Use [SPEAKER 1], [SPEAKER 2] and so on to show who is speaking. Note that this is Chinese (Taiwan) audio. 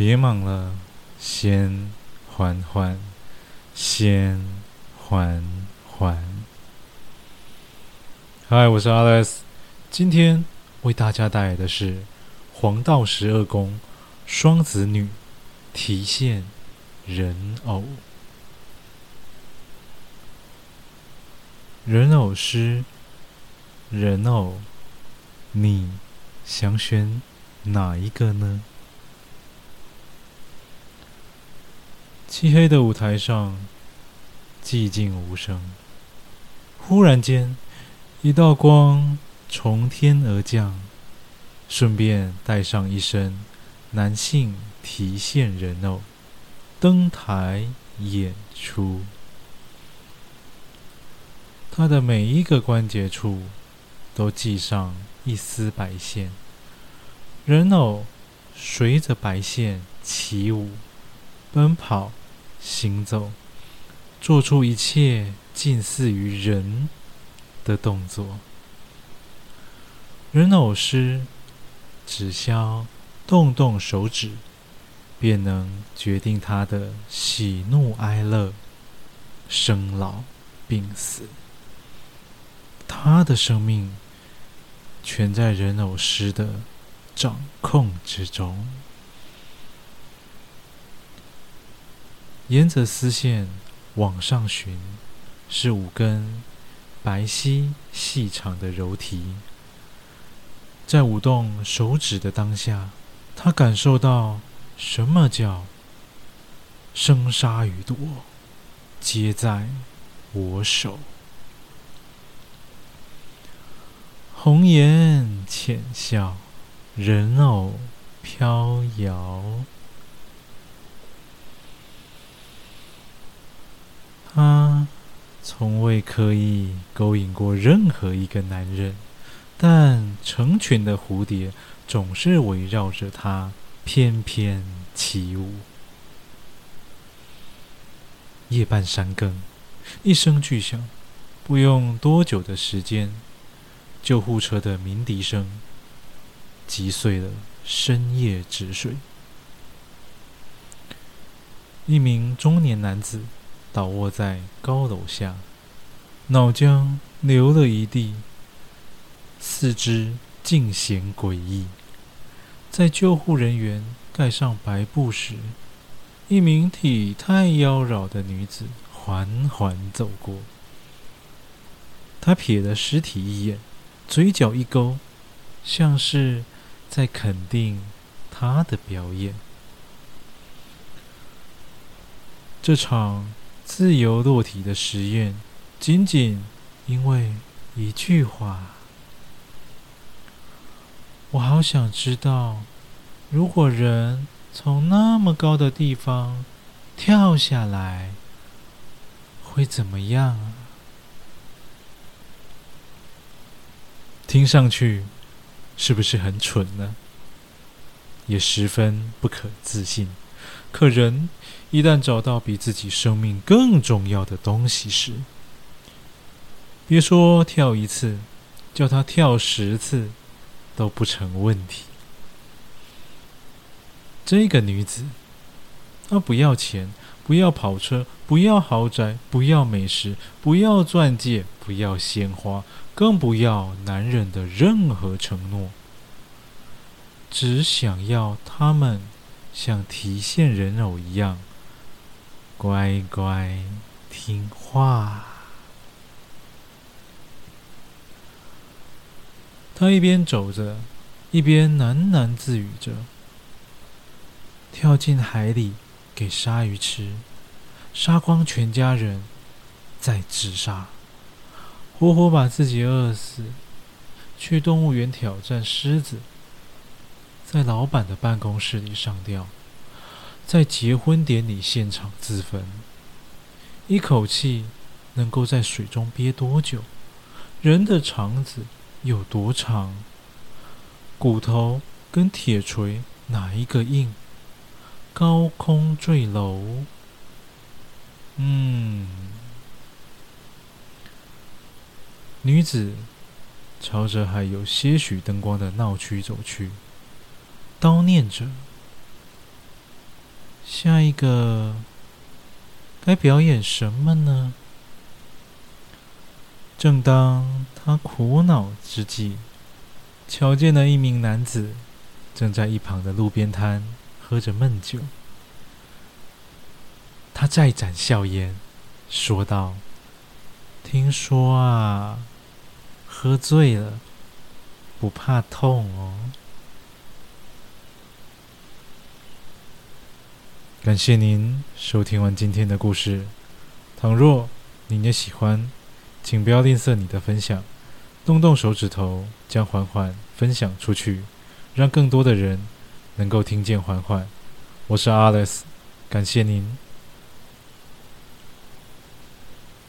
[SPEAKER 1] 別忙了，先緩緩，先緩緩。嗨，我是 Alex，今天為大家帶來的是黃道十二宮雙子女提線人偶。人偶師，人偶，你想選哪一個呢？漆黑的舞台上，寂靜無聲。忽然間，一道光從天而降，順便帶上一身男性提線人偶，登台演出。他的每一個關節處都繫上一絲白線，人偶隨着白線起舞、奔跑。行走，做出一切近似於人的動作。人偶師只消動動手指，便能決定他的喜怒哀樂、生老病死。他的生命全在人偶師的掌控之中。沿着絲線往上尋，是五根白皙細長的葇荑。在舞動手指的當下，她感受到什麼叫生殺予奪，皆在我手。紅顏淺笑，人偶飄搖。她從未刻意勾引過任何一個男人，但成群的蝴蝶總是圍繞着她翩翩起舞。夜半三更，一聲巨響，不用多久的時間，救護車的鳴笛聲擊碎了深夜止水。一名中年男子。倒臥在高樓下，腦漿流了一地，四肢盡顯詭異。在救護人員蓋上白布時，一名體態妖嬈的女子緩緩走過。她瞥了屍體一眼，嘴角一勾，像是在肯定他的表演。這場。自由落體的實驗，僅僅因為一句話，我好想知道，如果人從那麼高的地方跳下來，會怎麼樣、啊？聽上去是不是很蠢呢？也十分不可置信。可人一旦找到比自己生命更重要的東西時，別說跳一次，叫他跳十次都不成問題。這個女子，她不要錢，不要跑車，不要豪宅，不要美食，不要鑽戒，不要鮮花，更不要男人的任何承諾，只想要他們，像提線人偶一樣，乖乖聽話。她一邊走着，一邊喃喃自語着：“跳進海裡給鯊魚吃，殺光全家人，再自殺，活活把自己餓死，去動物園挑戰獅子。”在老板的辦公室裡上吊，在結婚典禮現場自焚，一口氣能夠在水中憋多久？人的腸子有多長？骨頭跟鐵錘哪一個硬？高空墜樓，嗯，女子朝着還有些許燈光的鬧區走去。叨念着：“下一個該表演什麼呢？”正當她苦惱之際，瞧見了一名男子正在一旁的路邊攤喝着悶酒。她再展笑顏，說道：“聽說啊，喝醉了不怕痛哦。”感謝您收聽完今天的故事。倘若您也喜歡，請不要吝嗇你的分享，動動手指頭，將緩緩分享出去，讓更多的人能夠聽見緩緩。我是 Alice，感謝您。